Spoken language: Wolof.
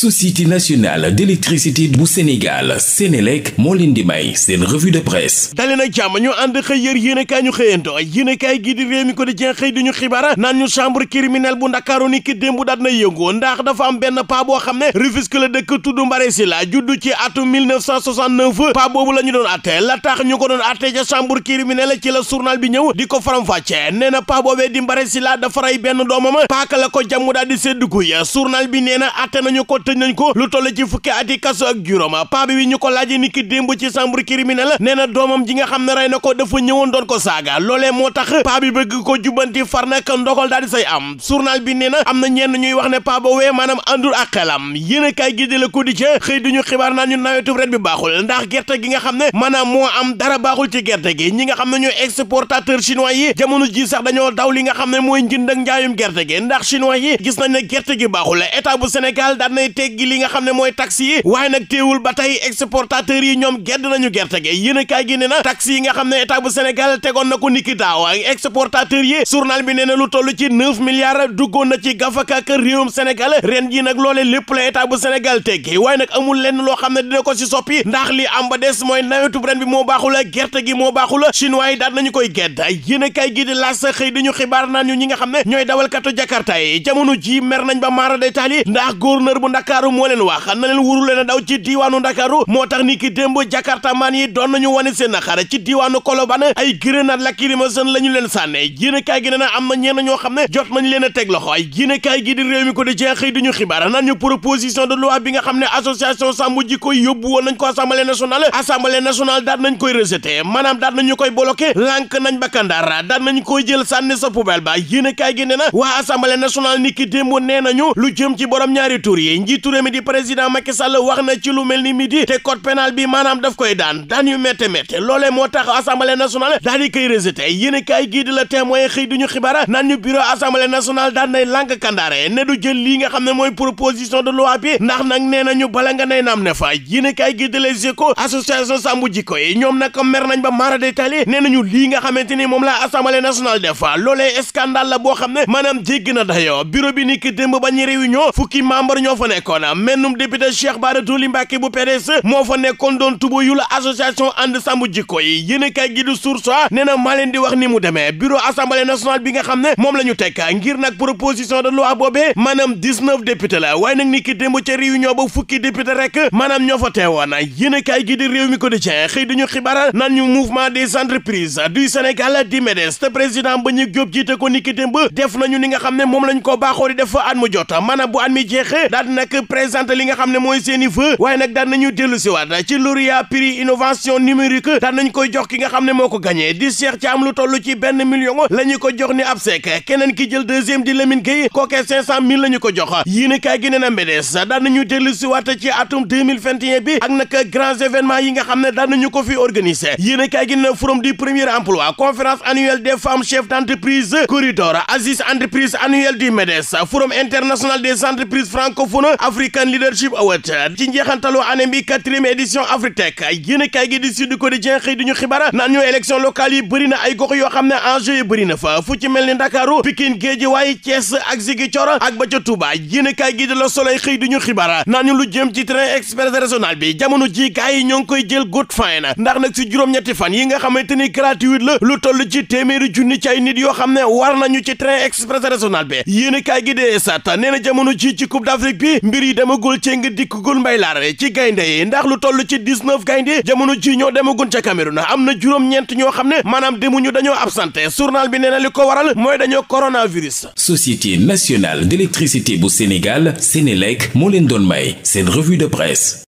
société nationale d'électricité bu Sénégal Sénélec moo leen di may seen revue de presse dali na jàmm ñu ànd xëy yër yéenekaay ñu xëyanto yéenekaay gi di Rewmi xëy di xibaar naan ñu chambre criminelle bu Ndakaaru ni ki démb daat na yëngu ndax dafa am benn pa boo xam ne Rufisque la dëkk tudd Mbare la judd ci atum 1969 boobu la doon atte la tax ñu ko doon atte ca chambre criminelle ci la journal bi ñëw di ko faram-fàccee nee na pa boobee tëj nañ ko lu toll ci fukki ati kaso ak juróom paa bi wi ñu ko laaje ni ki démb ci chambre criminelle nee doomam ji nga xam ne rey na ko dafa ñëwoon doon ko saaga loolee moo tax paa bi bëgg ko jubbanti far nag ndogal daal di say am journal bi nee na am na ñenn ñuy wax ne paa wee maanaam àndul ak xelam yéen a kaay gi di la quotidien xëy duñu xibaar naa ñu nawetu ren bi baaxul ndax gerte gi nga xam ne maanaam moo am dara baaxul ci gerte gi ñi nga xam ne ñooy exportateur chinois yi jamono ji sax dañoo daw li nga xam ne mooy njënd ak gerte gi ndax chinois yi gis nañ ne gerte gi baaxul état bu Sénégal daal nay teggi li nga xam ne mooy taxe yi waaye nag téewul ba tey exportateurs yi ñoom gedd nañu gerte gi yéen a kaay gi ne na taxe yi nga xam ne état bu Sénégal tegoon na ko niki daaw ak exportateurs yi journal bi nee na lu toll ci neuf milliards duggoon na ci gafaka kër réewum Sénégal ren ji nag loolee lépp la état bu Sénégal teggi waaye nag amul lenn loo xam ne dina ko si soppi ndax li am ba des mooy nawetub ren bi moo baaxul gerte gi moo baaxula chinois yi daal nañu koy gedd yéen a kaay gi di laas xëy dañu xibaar naa ñu ñi nga xam ne ñooy dawalkatu Jakarta yi jamono jii mer nañ ba maara day taali ndax gouverneur bu Ndakaaru ndakaaru moo leen wax na leen wuru leen a daw ci diiwaanu ndakaaru moo tax ni ki démb jakartamaan yi doon nañu wane seen xare ci diiwaanu Colobane ay grenade lacrymogène la ñu leen sànne yéenekaay gi nee na am na ñenn ñoo xam ne jot nañ leen a teg loxo ay yéenekaay gi di réew mi ko di jeex xëy duñu xibaar naan ñu proposition de loi bi nga xam ne association sàmm jikko yóbbu woon ko assemblée nationale assemblée nationale daat koy rejeté maanaam daat nañu sa poubelle ba yéenekaay gi nee na waa assemblée nationale ni ki démb nee nañu njiitu réew mi di président Macky wax na ci lu mel ni midi te code pénal bi maanaam daf koy daan daan yu métte métte loolee moo tax assemblée nationale daal di koy rejeté yéen a kaay gii di la témoin xëy duñu xibaar naan ñu bureau assemblée nationale daan nay lànk kandaare ne du jël lii nga xam ne mooy proposition de loi bi ndax nag nee na ñu bala naam ne fa yéen a kaay gii di les échos association sàmm jikko yi ñoom nag mer ba mara détaillé ni moom la assemblée nationale def loolee ne na ñu réunion fukki membre nekkoon mennum député Cheikh Bara Dolly Mbacké bu PDS moo fa nekkoon doon tuba yu la association ànd sàmm jikko yi yéen kay gi du Source A nee na maa leen di wax ni mu demee bureau assemblée nationale bi nga xam ne moom la ñu teg ngir nag proposition de loi boobee maanaam dix-neuf député la waaye nag ni ki démb ca réunion ba fukki député rek maanaam ñoo fa teewoon yéen kay gi di réew mi ko di cee xëy dañu xibaaral naan ñu mouvement des entreprises du Sénégal di MEDES te président Mbagnick Diop jiite ko ni ki démb def nañu ni nga xam ne moom lañ ko baaxoo di def at mu jot maanaam bu at mi jeexee daal di nag présenté li nga xam ne mooy seen i vœux waaye nag daan nañu dellu si waat ci lauréat prix innovation numérique daan nañ koy jox ki nga xam ne moo ko gagné di Cheikh Thiam lu toll ci benn million la ñu jox ni ab sek keneen ki jël deuxième di Lamine Gueye kookee cinq cent mille la ñu ko jox yéen kaay gi nee na mbédees daan nañu dellu si waat ci atum 2021 bi ak nag grands événements yi nga xam ne daan nañu ko fi organise yéen kaay gi nee na forum du premier emploi conférence annuelle des femmes chefs d'entreprise des entreprises African Leadership Award ci njeexantalu année bi quatrième édition Afritech yéen a kaay gi di Sud Quotidien xëy di ñu xibaar naan ñu élection locale yi bëri na ay gox yoo xam ne enjeu yi bëri na fa fu ci mel ni Ndakaaru Pikine Guédiawaye Thiès ak Ziguinchor ak ba ca Touba yéen kaay gi di la Soleil xëy di ñu xibaar naan ñu lu jëm ci train express régional bi jamono ji gars yi ñoo ngi koy jël good fine ndax nag si juróom-ñetti fan yi nga xamante ni gratuite la lu toll ci téeméeri junni ci ay nit yoo xam ne war nañu ci train express régional bi yéen a kaay gi de sat nee na jamono ji ci Coupe d'Afrique bi mbir yi demagul ci nga dikkagul mbay laare ci gaynde yi ndax lu toll ci 19 gaynde jamono ji ñoo demagun ca Cameroun am na juróom-ñeent ñoo xam ne maanaam demuñu dañoo absenté journal bi nee na li ko waral mooy dañoo coronavirus. Société nationale d'électricité bu Sénégal Sénélec moo leen doon may seen revue de presse.